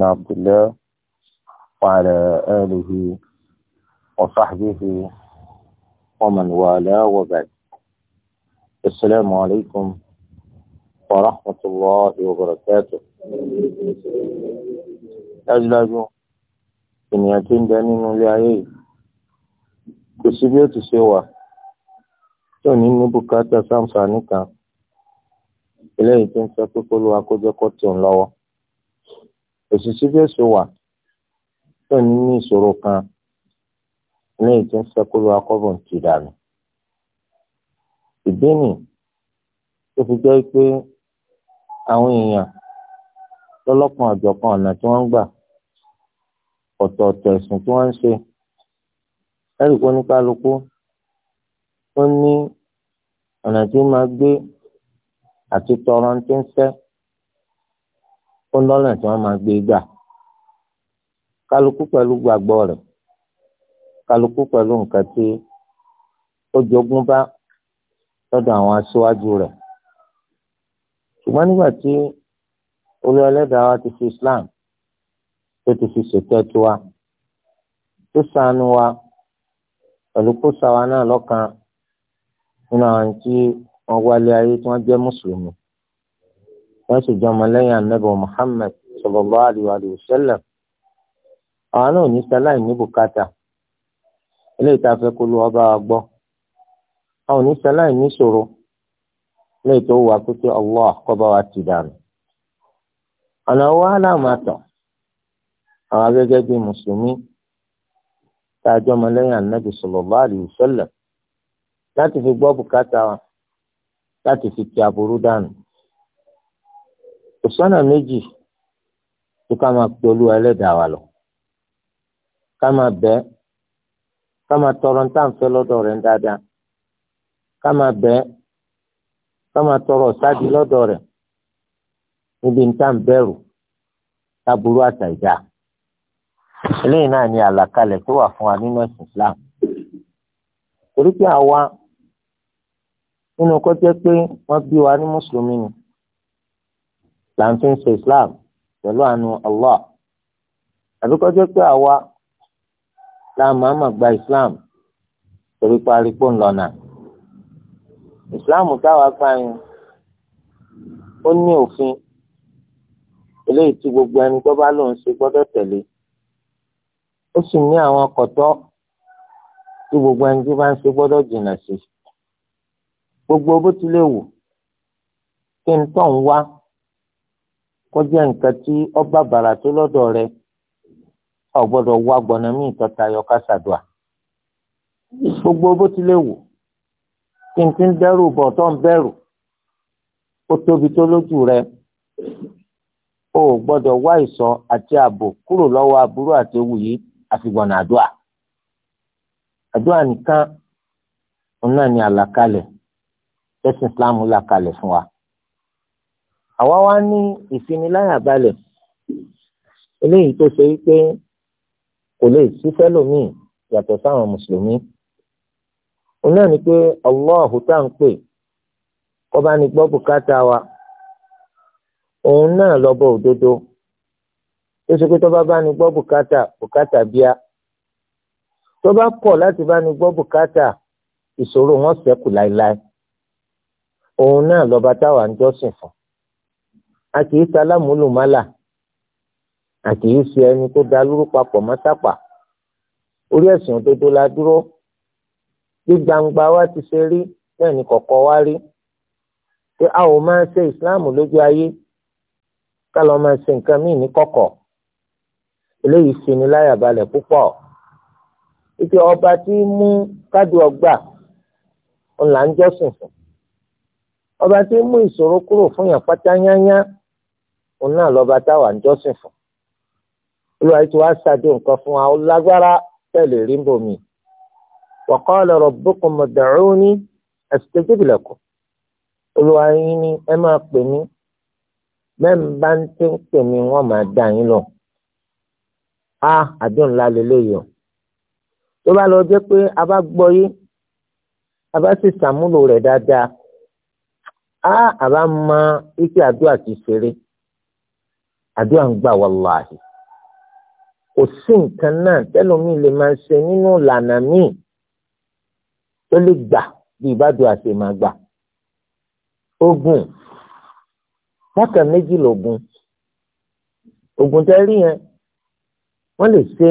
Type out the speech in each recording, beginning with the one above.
بن عبد الله وعلى آله وصحبه ومن والاه وبعد السلام عليكم ورحمة الله وبركاته أجلاجو إن يتم دانين لعيه كسبية سوى تونين بكاتا سامسانيكا إليه تنسى كل وكذا قطن لوا òṣìṣẹ́ bí èso wà tó ní ní ìṣòro kan lẹ́yìn tí ń sẹ́kúrú akọ́bùn ti dànù. ìdí nì tó fi jẹ́ pé àwọn èèyàn lọ́lọ́kan àjọ̀kan ọ̀nà tí wọ́n ń gbà ọ̀tọ̀ọ̀tọ̀ ẹ̀sìn tí wọ́n ń ṣe ẹ̀rí kó ní ó ní ọ̀nà tí máa gbé àti tọrọ ń tí ń fẹ́ ó lọ́nà tí wọ́n máa gbé gbà kálukú pẹ̀lú gbàgbọ́ rẹ̀ kálukú pẹ̀lú nǹkan tí ó jogún bá lọ́dọ̀ àwọn aṣáájú rẹ̀ ṣùgbọ́n nígbà tí olú ẹlẹ́dàá wa ti fi Islam tó ti fi ṣètò ẹtù wa tó ṣàánú wa pẹ̀lú kó ṣàwa náà lọ́kàn nínú àwọn tí wọ́n wálé ayé tí wọ́n jẹ́ mùsùlùmí wọ́n sì jọ ọmọlẹ́yìn anábọ̀ Muhammad sallallahu alaihi wa sallam àwọn náà ní sáláì ní bùkátà eléyìí tá a fẹ́ kó lu ọba wa gbọ́ àwọn ní sáláì ní ṣòro eléyìí tó wà pé kí Allah kó wa ti dànù ọ̀nà wa aláàmàtọ̀ àwọn gẹ́gẹ́ bíi mùsùlùmí tá a jọ ọmọlẹ́yìn anábì sallallahu alaihi wa láti fi gbọ́ bùkátà láti fi ti aburú dànù kò sọ́nà méjì tó ká máa pe olúwa ẹlẹ́dàá wa lọ ká máa bẹ̀ ká máa tọrọ ní táǹfẹ́ lọ́dọ̀ rẹ̀ dáadáa ká máa bẹ̀ ká máa tọrọ ṣáàdì lọ́dọ̀ rẹ̀ níbi ní táǹbẹ̀rù táburú àtàìjà eléyìí náà ni àlàkalẹ̀ tó wà fún wa nínú ẹ̀sìn Islam torí pé àwa nínú kọjá pé wọ́n bí wa ní mùsùlùmí ni là ń tún ṣe islam pẹ̀lú àánú allah àbí kó jẹ́ pé àwa la màmá gba islam torí parí pò ń lọ́nà islam táwa gbà yín ó ní òfin eléyìí tí gbogbo ẹni tó bá lòun ṣe gbọ́dọ̀ tẹ̀lé ó sì ní àwọn kọ̀tọ́ tí gbogbo ẹni tí bá ń ṣe gbọ́dọ̀ jìnnà sí gbogbo bó tilẹ̀ wù kí n tọ̀ ń wá kọjá nǹkan tí ọba bàrà tó lọ́dọ̀ rẹ o wá gbọ̀nà míì tọ́ta gbogbo bó tilẹ̀ wù kí n ti ń dẹ́rù bọ̀ tó ń tóbi tó lójú rẹ o gbọ́dọ̀ wá ìṣọ́ àti ààbò kúrò lọ́wọ́ aburú àti ewu yìí nìkan òun náà ni àlàkalẹ̀ Islam fún wa àwa wá ní ìfiniláyàbalẹ̀ eléyìí tó ṣe wípé kò lè sí fẹ́lòmíì yàtọ̀ sáwọn mùsùlùmí òun náà ni pé Allahu tá à ń pè kọ́ba ni gbọ́ bùkátà wa òun náà lọ́bọ̀ òdodo tó ṣe pé tọ́ba bá ní gbọ́ bùkátà bùkátà bíá tọ́ba kọ̀ láti bá ní gbọ́ bùkátà ìṣòro wọn ṣẹ́kù láéláé òun náà lọ́ba táwa ń jọ́sìn fún a kì í salámùlùmálà a kì í ṣe ẹni tó dalúrú papọ̀ mọ́sápà orí ẹ̀sìn òdodo la dúró bí gbangba wa ti ṣe rí bẹ́ẹ̀ ni kọ̀kọ̀ wa rí pé a ò máa ṣe ìsìláàmù lójú ayé ká lọ́ọ́ máa ṣe nǹkan míì ní kọ̀kọ̀ eléyìí ṣe ni láyàbalẹ̀ púpọ̀ ike ọba tí mú kádù ọgbà ńlá ń jọ́sìn fún ọba tí mú ìṣòro kúrò fún yàn pátá yányá òun náà lọ́ba táwa ń jọ́sìn fún olúwa yìí tí wàá ṣàdé nǹkan fún wa ó lágbára tẹ̀lé rí ń bomi wa qala rabbukum ud'uni astajib lakum olúwa yìí ni ẹ máa pè mí bẹ́ẹ̀ bá ń tí ń pè mí wọ́n máa dá yín lọ a àdéhùn ńlá lélẹ́yìí o tó bá lọ jẹ́ pé a bá gbọ́ yé a bá sì ṣàmúlò rẹ̀ dáadáa a àbá mọ ike àdúrà ti ṣeré àdúrà ń gbà wàláhì kò sí nǹkan náà tẹlómi lè máa ṣe nínú ìlànà míì tó lè gbà bí ìbádùn àṣẹ máa gbà ogun bákan méjì lògùn ogun tẹ rí yẹn wọ́n lè ṣe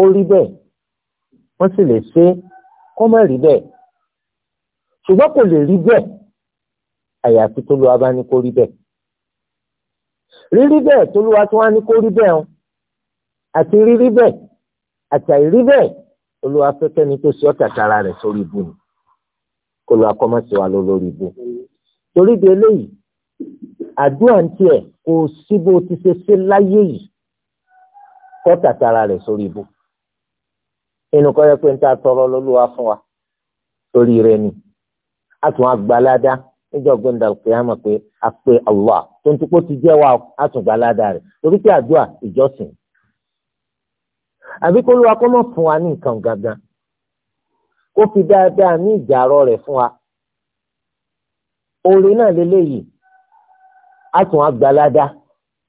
ó rí bẹ́ẹ̀ wọ́n sì lè ṣe kó má rí bẹ́ẹ̀ ṣùgbọ́n kò lè rí bẹ́ẹ̀ àyàfi tó lo abánikó rí bẹ́ẹ̀ rírí bẹ́ẹ̀ tolúwa tí wọ́n á ní kó rí bẹ́ẹ̀ o àti rírí bẹ́ẹ̀ àti àìrí bẹ́ẹ̀ olúwa fẹ́kẹ́ ni tó ṣe ọ́ tàtàrà rẹ̀ sórí ibu ni kó lọ akọ́mọ́sí wa lọ lórí ibu torí de eléyìí àdúrà ń tiẹ̀ kò sí bó ti ṣe ṣe láyé yìí kọ́ tàtàrà rẹ̀ sórí ibu inú kọ́ yẹ pé ń ta tọrọ lọ́lọ́wà fún wa torí rẹ̀ ni a tún á níjọ́ gbẹ̀ndà kìyàmà pé a pe Allah tó ń tukọ́ ti jẹ́ wa àtúgbà ládàá rẹ̀ torí pé àdúrà ìjọsìn. àbí kó ló wa kó mọ̀ fún wa ní nǹkan gangan kó fi dáadáa ní ìjàrọ̀ rẹ̀ fún wa. orin náà lélẹ́yìí àtún àgbàládá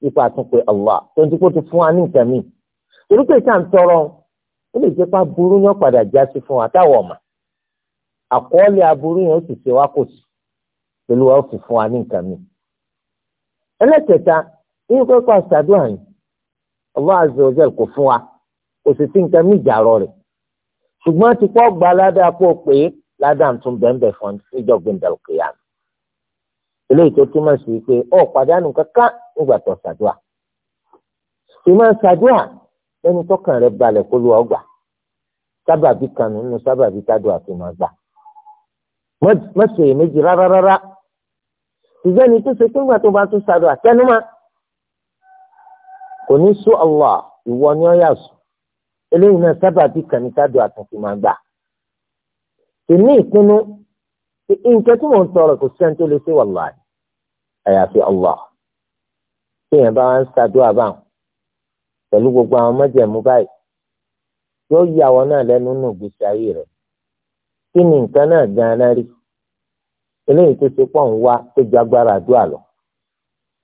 ipa àtún pé Allah tó ń tukọ́ ti fún wa ní nǹkan míì. torí pé ìta ń tọrọ ó lè jẹ́ pa burú yẹn padà já sí fún wa táwọn ọ̀mà àkọọ́lẹ̀ aburú yẹn ó sì ṣe wá kò sí olúwa ó fi fún wa ní nǹkan mi. ẹlẹ́kẹta yín pé kó àṣàdúrà yìí Allah azza wa jal kò fún wa kò sì sí nǹkan mi ìjàrọ̀ rẹ̀ ṣùgbọ́n ti pọ́ gba ládàá pọ̀ pé ládàá tún bẹ́ẹ̀ fún níjọ́ gbẹ̀ndàlùkìyà eléyìí tó túmọ̀ sí pé ọ̀ pàdánù kankan nígbà tó ṣàdúrà ìmọ̀ ṣàdúrà lẹ́ni tọ́kàn rẹ̀ balẹ̀ kó lu ọgbà sábàbí kan nínú sábàbí tádùn àti màgbà mọ̀ṣẹ̀ méjì rárá ṣùgbọ́n ẹni tó ṣe pé ńgbà tó bá tún ṣàdó àtẹnumá kò ní sún Allah ìwọ ni ó yà sùn eléyìí náà sábàbí kan ní ṣàdó àtúntì máa gbà ìní ìpinnu nǹkan tí mò ń tọrọ kò sí ẹni tó lè ṣe wallahi àyàfi Allah tí èèyàn bá ń ṣàdó àbáwọn pẹ̀lú gbogbo àwọn mọ́jẹ̀mú báyìí yóò yà wọ́n náà lẹ́nu nù gbèsè ayé rẹ̀ kí ni nǹkan náà gan-an rí eléyìí tó ṣe pọ̀ ń wá tó ju agbára àdúrà lọ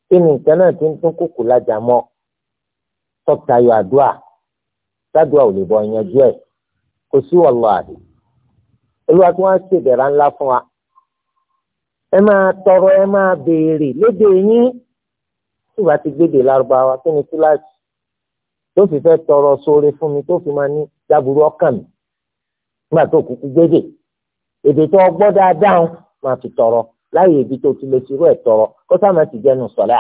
kí ni nǹkan náà ti ń tún kùkù lájà mọ́ tọ́tayọ àdúrà sádùá ò lè bọ ìyanjú ẹ̀ kò sí wàláhì olúwa tí wọ́n ṣe ìbẹ̀rẹ̀ ńlá fún wa ẹ máa tọrọ ẹ máa béèrè lédè yín tí ti gbédè lárúbáwá kí ni kíláàsì tó fi fẹ́ tọrọ sóore fún mi tó fi máa ní dábùrú ọkàn mi nígbà tó kúkú gbédè èdè tó gbọ́ dáadáa máa fi tọrọ láàyè ibi tó ti lè ṣerú ẹ̀ tọrọ kó sáà máa ti jẹnu sọ̀lá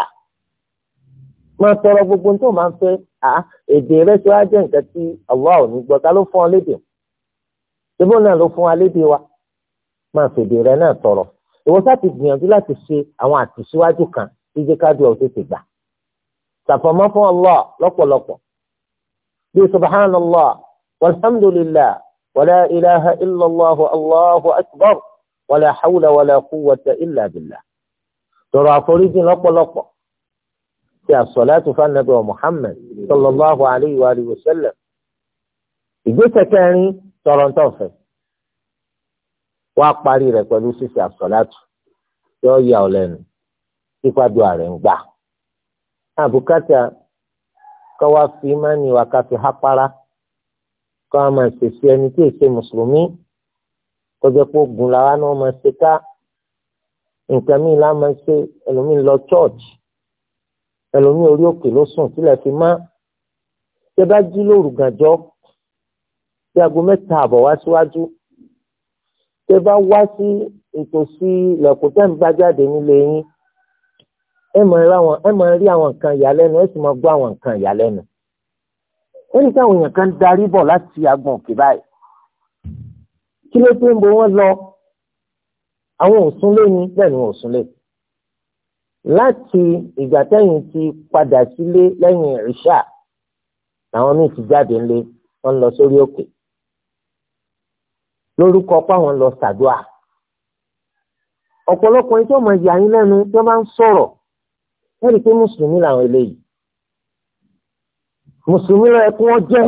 máa tọrọ gbogbo tó máa ń fẹ́ à èdè rẹ tó wá jẹ́ nǹkan tí Allah ò ní gbọ́ ta ló fún ọ lédè ṣébó náà ló fún wa lédè wa máa fèdè rẹ náà tọrọ ìwọ sáà ti gbìyànjú láti ṣe àwọn àtìṣíwájú kan tí jẹ́ ká dùn gbà ṣàfọ̀mọ́ fún Allah lọ́pọ̀lọpọ̀ bí subhanallah walhamdulillah wala ilaha illallah allahu akbar wala hawla wala quwwata illa billah tọrọ àforíjì lọ́pọ̀lọpọ̀ ti àsọ̀láàtù fanabi wa muhammed sallallahu alayhi wa alihi wa sallam ìgbésẹ̀ kẹrin tọrọ ntọ́fẹ̀ wàá parí rẹ̀ pẹ̀lú ṣíṣe àsọ̀láàtù yóò yà ọ́ lẹ́nu kíkwadù ààrẹ ń gbà àbùkátà kọ́ wá fi mánì wa ká hápára kọ́ wá máa ẹni tí èsè mùsùlùmí kọjá pé ogun làwa náà máa ṣe ká nǹkan míì la máa ṣe ẹlòmíì lọ chọọchì ẹlòmíì orí òkè ló sùn sílẹ̀ fi má ṣe bá jí lóru gànjọ́ tí aago mẹ́ta àbọ̀ wá síwájú ṣe bá wá sí ìtòsí ilẹ̀kùn tẹ́ ń bá jáde nílé yín ẹ máa rí àwọn nǹkan ìyàlẹ́nu ẹ sì máa gbọ́ àwọn nǹkan ìyàlẹ́nu ó ní káwọn èèyàn kan darí bọ̀ láti agbọn òkè báyìí kí ló dé ń bo wọn lọ àwọn òsúnlé ni bẹ́ẹ̀ ni wọn òsúnlé láti ìgbà tẹ́yìn ti padà sílé lẹ́yìn ìṣà làwọn míì ti jáde ńlé wọn lọ sórí òkè lórúkọ páwọn lọ ṣàdúà ọ̀pọ̀lọpọ̀ ẹni tí wọ́n máa yà yín lẹ́nu tí wọ́n bá ń sọ̀rọ̀ wọ́n rí i pé mùsùlùmí làwọn eléyìí mùsùlùmí lọ́yẹ kí wọ́n jẹ́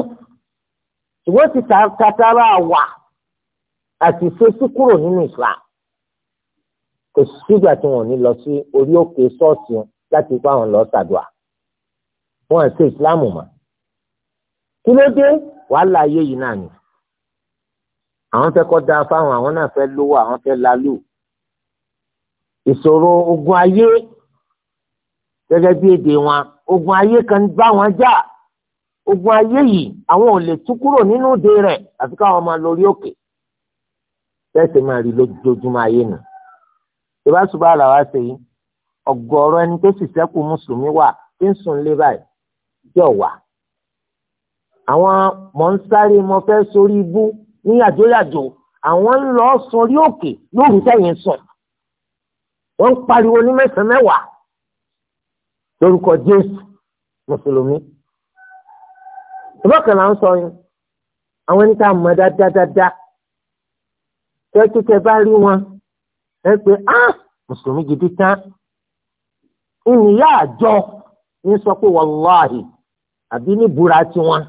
ṣùgbọ́n ti tààtàrà wà àti fésì nínú Islam kò sígbà tí wọn ò ní lọ sí orí òkè ṣọ́ọ̀ṣì láti pa àwọn lọ ṣàdúà wọn àti Islam mọ́ kí ló dé wàhálà ayé yìí náà ni àwọn fẹ́ kọ́ da fáwọn àwọn náà fẹ́ lówó àwọn fẹ́ lálù ìṣòro ogun ayé gẹ́gẹ́ bí èdè wọn ogun ayé kan bá wọn jà ogun ayé yìí àwọn ò lè tú kúrò nínú ìdè rẹ̀ àfi káwọn máa lórí òkè tẹ́sí máa rí lójoojúmọ́ ayé nù. ìbá ṣùgbọ́n àlàwà ṣe yìí ọ̀gọ̀ọ̀rọ̀ ẹni tó sì sẹ́kù mùsùlùmí wà tí ń sùn lé báyìí jẹ́ ọ̀wà. àwọn mọ̀ ń sáré mo fẹ́ sórí ibú ní yàjóyàjó àwọn ń lọ sórí òkè lóru sẹ́yìn sùn. wọ́n ń pariwo ní mẹ́sàn-án mẹ́wàá lórúkọ Jésù mùsùlùmí. ìbọ̀kànlá ń sọ yín àwọn ẹni tá a mọ̀ dáadáa tẹ́tí tẹ bá rí wọn ẹ pé á mùsùlùmí gidi tán ìyá àjọ ní sọ pé wàláhì àbí ní búra tiwọn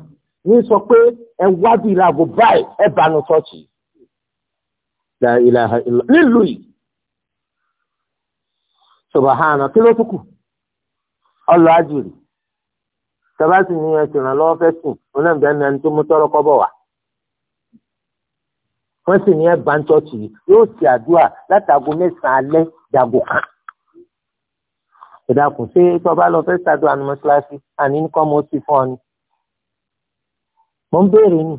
ní sọ pé ẹ wádìí ìlàgò báyìí ẹ bánu tọ́ọ̀tì nílùú yìí subahana kí ló àjùrì sì ní fẹ́ sùn ẹni tó wọ́n sì ní ẹ̀bá ń tọ́tù yìí yóò ṣe àdúrà látàgò mẹ́sàn-án alẹ́ dàgò kan. ìdàkùn ṣé tọ́ba lọ fẹ́ ṣàdúrà ní mọ́ṣáláṣí àní nǹkan mo ti fọ́ ni. mo ń béèrè ni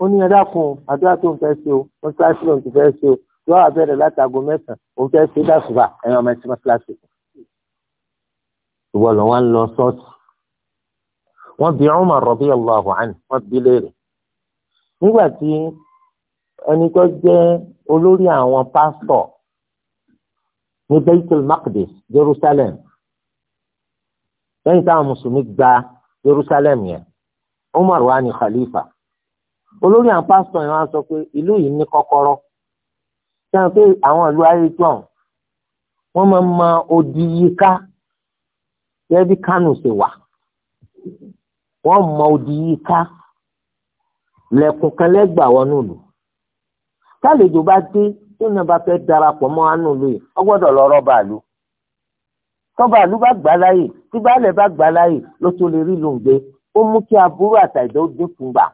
ó ní ẹ̀dàkùn àdúrà tó ń fẹ́ ṣe o mọ́ṣáláṣí ló ń ti fẹ́ ṣe o yóò àbẹ̀rẹ̀ látàgò mẹ́sàn-án òun fẹ́ ṣe dàsùbà ẹ̀yàn ọmọ ẹ̀sìn mọ́ṣáláṣí. ìwọ lọ wá ń lọ ṣọ́ọ̀ṣì wọ́n bi Umar radiyallahu anhu wọ́n bi léèrè ẹni tó jẹ́ olórí àwọn pásítọ̀ ní Baitul Maqdis Jerusalem lẹ́yìn táwọn mùsùlùmí gba Jerusalem yẹn Umar wa ni khalifa olórí àwọn pásítọ̀ yẹn wá sọ pé ìlú yìí ní kọ́kọ́rọ́ sẹ́yìn pé àwọn ìlú ayé tán wọ́n máa ma odi yíká gẹ́gẹ́ bí Kánò ṣe wà wọ́n mọ odi yíká lẹ́kùn kan lẹ́gbàá wọnú ìlú tálejò bá dé tó náà bá fẹ́ darapọ̀ mọ́ àánú lóye ó gbọ́dọ̀ lọ rọ́ bàálù tọ́ba àlú bá gbà láàyè tí baálẹ̀ bá gbà láàyè ló tó lè rí lóńgbé ó mú kí aburú àtàìdá ó dínkù gbà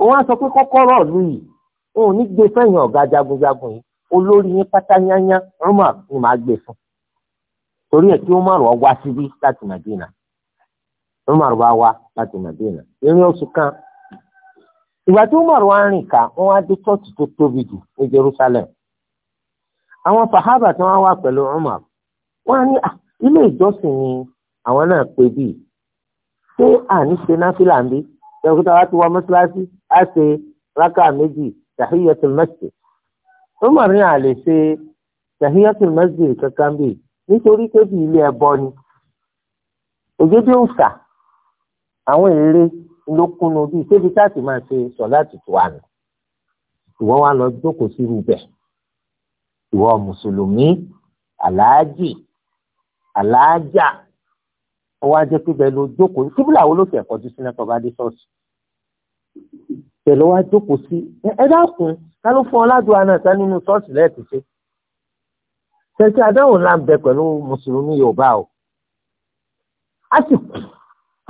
òun á sọ pé kọ́kọ́rọ́ ìlú yìí òun ní gbé fẹ́yìn ọ̀gá jagunjagun yìí olórí yín pátá yányá Umar ni màá gbé fún torí ẹ̀ kí Umar wá wá síbí láti Madina Umar bá wá láti Madina ìrìn oṣù kan ìgbà tí Umar wá rìn ká wọ́n wá dé chọ́ọ̀tì tó tóbi jù ní Jerusalem àwọn fahaba tí wọ́n wá pẹ̀lú Umar wọ́n á ní ah, ilé ìjọsìn ni àwọn náà pè bí ṣé àní ṣe náfìlà ń bí dókítà wa ti wá mọ́ṣáláṣí á ṣe rákà méjì tahiyatul masjid Umar ní àlè ṣe tahiyatul masjid kankan bí nítorí pé bí ilé ẹbọ ni òjòjò ń sà àwọn èrè ló kúnnu bíi ṣébi táàtì máa ṣe sọ̀lá tutù wa nù ìwọ wa lọ jókòó sí rúbẹ̀ ìwọ mùsùlùmí aláàjì aláàjà ọwọ́ ajẹ́ pé bẹ́ẹ̀ ló jókòó síbílà wo ló fẹ́ kọjú sí náà tọ́ba dé ṣọ́ọ̀ṣì bẹ́ẹ̀ lọ́wọ́ jókòó sí ẹ dákun ká ló fún ọ ládùúgbò náà sá nínú ṣọ́ọ̀ṣì lẹ́ẹ̀tì ṣe ṣẹ́ṣẹ́ adáhùn là ń mùsùlùmí yorùbá o a sì kù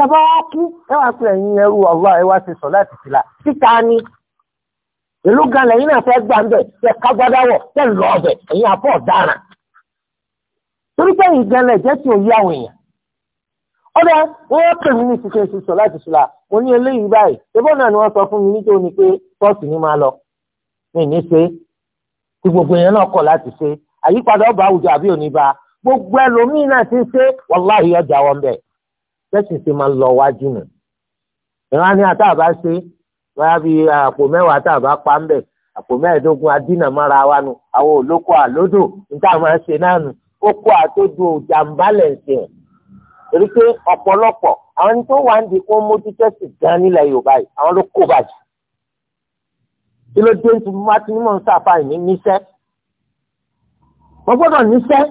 tàbá wá kú ẹ wá pé ẹ̀yin ẹrú Allah ẹ wá ti sọ láti fìlà síta ni ìlú gan lẹ́yìn náà fẹ́ gbà ń bẹ̀ tẹ kágbádá wọ̀ tẹ lọ ọbẹ̀ ẹ̀yin àpọ̀ ọ̀daràn torí pé ẹ̀yin gan lẹ̀ jẹ́ tí ò yá àwọn èèyàn ọ̀dà wọ́n pè mí ní ìsìnkú ti sọ láti fìlà mo ní eléyìí báyìí ṣébọ́ náà ni wọ́n sọ fún mi níjó ni pé tọ́ọ̀sì ni máa lọ mi ní ṣe tí gbogbo èèyàn náà kọ̀ láti ṣe àyípadà ọba àwùjọ àbí òní ba gbogbo ẹlòmíín náà ti ń ṣe wàláhì ọjà wọn bẹ́ẹ̀ tẹ́sí ṣe máa lọ wájú nù. ìran ni àtàbá ṣe báyà bí àpò mẹ́wàá àtàbá pa ń bẹ̀ àpò mẹ́ẹ̀ẹ́dógún adínàmọ́ra wa nu àwọn olóko àlódò níta máa ṣe náà nù ó kó àtòdò jàǹbá lẹ̀ǹsìn ẹ̀. torí pé ọ̀pọ̀lọpọ̀ àwọn tó wà ń di kó mójú tẹ́sí gan nílẹ̀ Yorùbá yìí àwọn ló kó bàjẹ́. kí ló dé tí mo bá ti mọ̀ ń sàfà níṣẹ́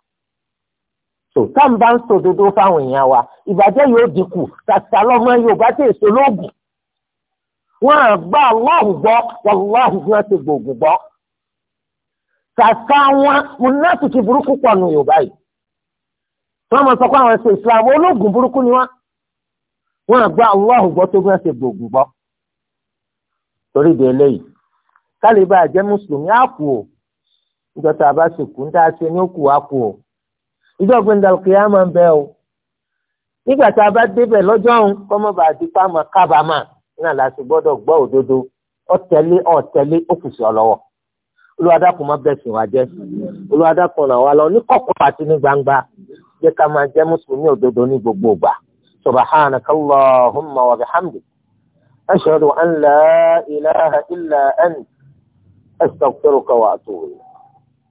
so táwọn bá ń sòdodo fáwọn èèyàn wa ìbàjẹ́ yóò dínkù tàtà lọ́mọ yorùbá tẹ̀ èso lóògùn wọn à gbà ọlọ́hùn gbọ́ ọlọ́hùn fún ẹ ti gbòògùn gbọ́ tàtà wọn múnátùkì burúkú pọ̀ nù yorùbá yìí wọn mọ̀ sọ pé àwọn ẹ̀sìn islam olóògùn burúkú ni wọn wọn à gbà ọlọ́hùn gbọ́ tó fún ẹ gbòògùn gbọ́ torí di eléyìí kálíbà jẹ́ mùsùlùmí á ìjọ gbẹ̀ndà kìá máa ń bẹ o nígbà tá a bá débẹ̀ lọ́jọ́ òun kọ́mọba àti pàmò kábàámà náà láti gbọ́dọ̀ gbọ́ òdodo ọ̀tẹ̀lé ọ̀tẹ̀lé òkùsì ọlọ́wọ́ olùwádàkùn má bẹ̀ sìn wá jẹ́ olùwádàkùn ràn wá lọ ní kọ̀kọ̀ àti ní gbangba jẹ́ ká máa jẹ́ mùsùlùmí òdodo ní gbogbo ìgbà subhanaka allahumma wa bihamdik ashhadu an la ilaha illa ant astaghfiruka wa atubu